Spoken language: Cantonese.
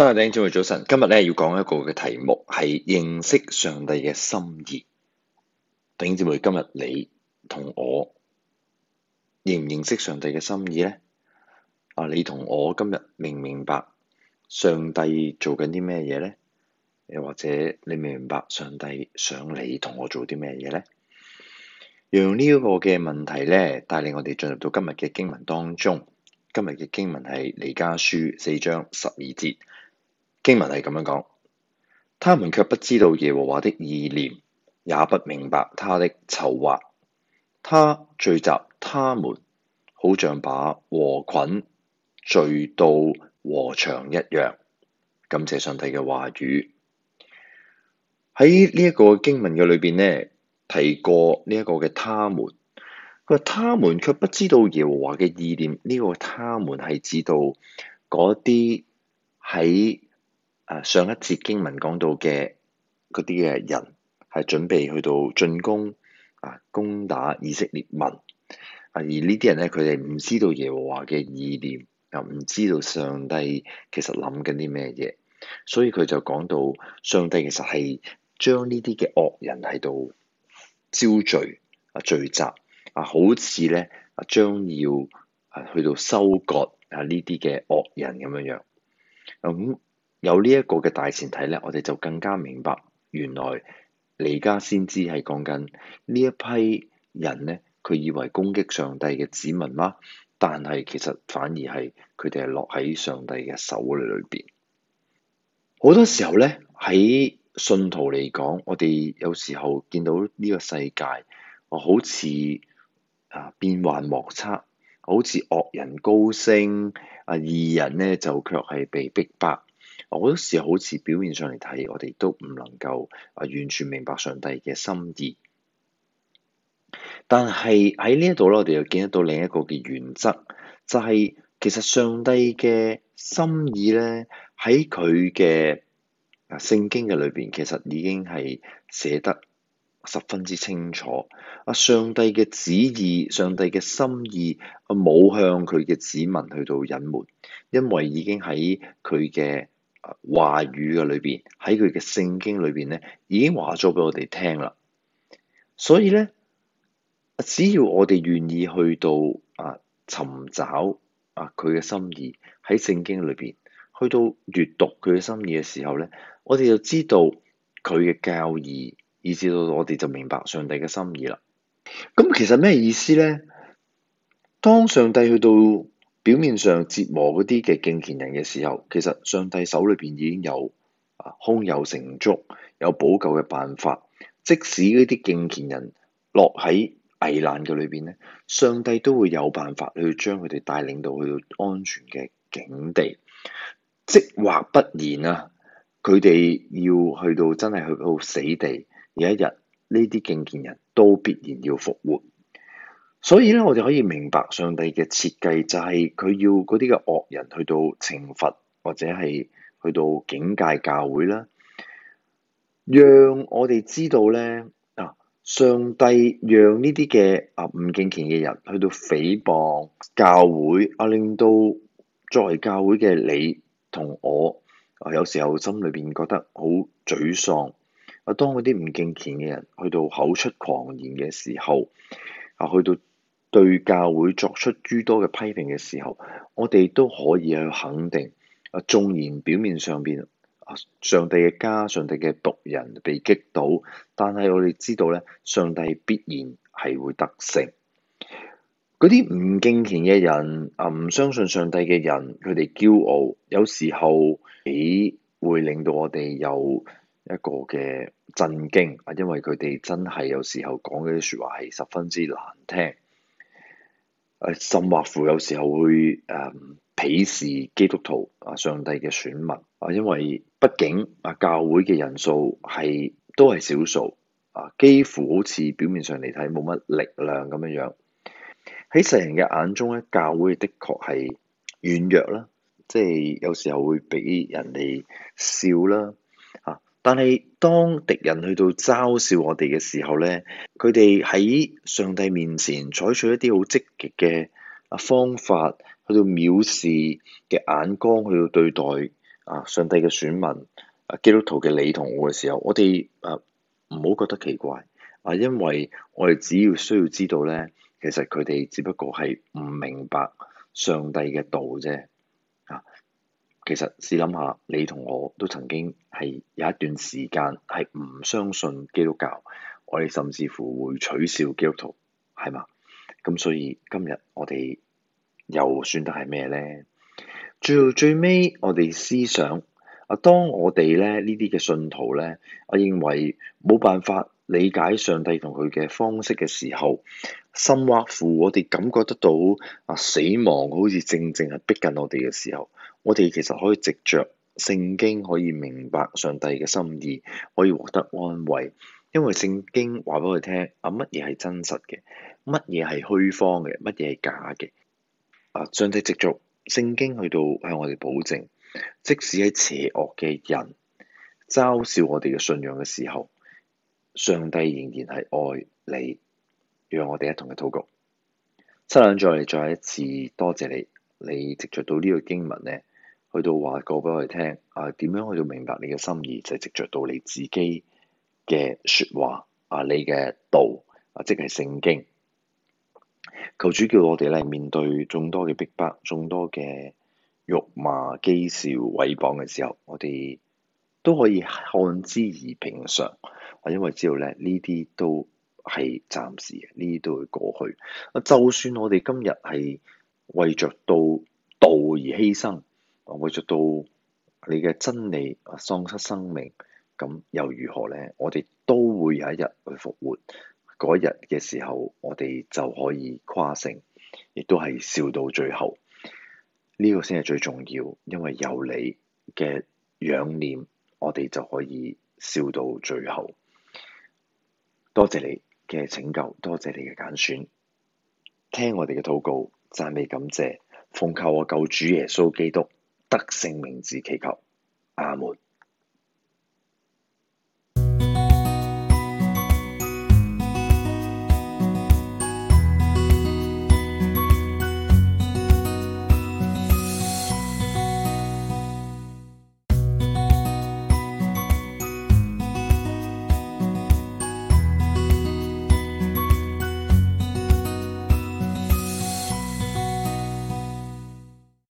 大家頂姊妹早晨，今日咧要講一個嘅題目係認識上帝嘅心意。頂姊妹，今日你同我認唔認識上帝嘅心意咧？啊，你同我今日明唔明白上帝做緊啲咩嘢咧？又或者你明唔明白上帝想你同我做啲咩嘢咧？用呢一個嘅問題咧，帶領我哋進入到今日嘅經文當中。今日嘅經文係彌迦書四章十二節。經文係咁樣講，他們卻不知道耶和華的意念，也不明白他的籌劃。他聚集他們，好像把禾捆聚到禾場一樣。感謝上帝嘅話語。喺呢一個經文嘅裏邊咧，提過呢一個嘅他們。佢話他們卻不知道耶和華嘅意念。呢個他們係知道嗰啲喺。啊！上一節經文講到嘅嗰啲嘅人係準備去到進攻啊，攻打以色列民啊，而呢啲人咧，佢哋唔知道耶和華嘅意念，又唔知道上帝其實諗緊啲咩嘢，所以佢就講到上帝其實係將呢啲嘅惡人喺度招聚啊，聚集啊，好似咧啊，將要啊去到收割啊呢啲嘅惡人咁樣樣咁。嗯有呢一個嘅大前提咧，我哋就更加明白，原來彌迦先知係講緊呢一批人咧，佢以為攻擊上帝嘅子民嗎？但係其實反而係佢哋係落喺上帝嘅手裏裏邊。好多時候咧，喺信徒嚟講，我哋有時候見到呢個世界，啊，好似啊變幻莫測，好似惡人高升，啊義人咧就卻係被逼迫白。好多時候好似表面上嚟睇，我哋都唔能夠啊完全明白上帝嘅心意。但係喺呢一度咧，我哋又見得到另一個嘅原則，就係、是、其實上帝嘅心意咧，喺佢嘅啊聖經嘅裏邊，其實已經係寫得十分之清楚。啊，上帝嘅旨意，上帝嘅心意，啊冇向佢嘅子民去到隱瞞，因為已經喺佢嘅。話語嘅裏邊，喺佢嘅聖經裏邊咧，已經話咗俾我哋聽啦。所以咧，只要我哋願意去到啊尋找啊佢嘅心意，喺聖經裏邊去到閱讀佢嘅心意嘅時候咧，我哋就知道佢嘅教義，以至到我哋就明白上帝嘅心意啦。咁其實咩意思咧？當上帝去到。表面上折磨嗰啲嘅敬虔人嘅時候，其實上帝手裏邊已經有，啊，胸有成竹，有補救嘅辦法。即使呢啲敬虔人落喺危難嘅裏邊咧，上帝都會有辦法去將佢哋帶領到去到安全嘅境地。即或不然啊，佢哋要去到真係去到死地，有一日呢啲敬虔人都必然要復活。所以咧，我哋可以明白上帝嘅設計就係佢要嗰啲嘅惡人去到懲罰，或者係去到警戒教會啦。讓我哋知道咧，啊，上帝讓呢啲嘅啊唔敬虔嘅人去到誹謗教會啊，令到作為教會嘅你同我啊，有時候心裏邊覺得好沮喪啊。當嗰啲唔敬虔嘅人去到口出狂言嘅時候啊，去到。對教會作出諸多嘅批評嘅時候，我哋都可以去肯定。啊，縱然表面上邊上帝嘅家、上帝嘅僕人被擊倒，但係我哋知道咧，上帝必然係會得勝。嗰啲唔敬虔嘅人啊，唔相信上帝嘅人，佢哋驕傲，有時候會會令到我哋有一個嘅震驚。啊，因為佢哋真係有時候講嗰啲説話係十分之難聽。誒，甚或乎有時候會誒鄙視基督徒啊，上帝嘅選民啊，因為畢竟啊，教會嘅人數係都係少數啊，幾乎好似表面上嚟睇冇乜力量咁樣樣。喺世人嘅眼中咧，教會的確係軟弱啦，即係有時候會俾人哋笑啦。但係，當敵人去到嘲笑我哋嘅時候咧，佢哋喺上帝面前採取一啲好積極嘅啊方法，去到藐視嘅眼光，去到對待啊上帝嘅選民啊基督徒嘅你同我嘅時候，我哋啊唔好覺得奇怪啊，因為我哋只要需要知道咧，其實佢哋只不過係唔明白上帝嘅道啫。其實試諗下，你同我都曾經係有一段時間係唔相信基督教，我哋甚至乎會取笑基督徒，係嘛？咁所以今日我哋又算得係咩咧？最最尾我哋思想啊，當我哋咧呢啲嘅信徒咧，我認為冇辦法。理解上帝同佢嘅方式嘅時候，甚至乎我哋感覺得到啊死亡好似正正係逼近我哋嘅時候，我哋其實可以藉著聖經可以明白上帝嘅心意，可以獲得安慰，因為聖經話俾我哋聽啊乜嘢係真實嘅，乜嘢係虛方嘅，乜嘢係假嘅，啊上帝藉著聖經去到向我哋保證，即使喺邪惡嘅人嘲笑我哋嘅信仰嘅時候。上帝仍然係愛你，讓我哋一同去禱告。七兩再嚟，再一次多謝你。你直着到呢個經文咧，去到話過俾我哋聽啊，點樣去到明白你嘅心意，就係直着到你自己嘅說話啊，你嘅道啊，即係聖經。求主叫我哋咧面對眾多嘅逼迫、眾多嘅辱罵、譏笑、毀謗嘅時候，我哋都可以看之而平常。我因為知道咧，呢啲都係暫時嘅，呢啲都會過去。啊，就算我哋今日係為着到道而犧牲，為着到你嘅真理喪失生命，咁又如何呢？我哋都會有一日去復活。嗰一日嘅時候，我哋就可以誇勝，亦都係笑到最後。呢個先係最重要，因為有你嘅仰念，我哋就可以笑到最後。多謝你嘅拯救，多謝你嘅揀選，聽我哋嘅禱告，讚美感謝，奉靠我救主耶穌基督得勝名字祈求，阿門。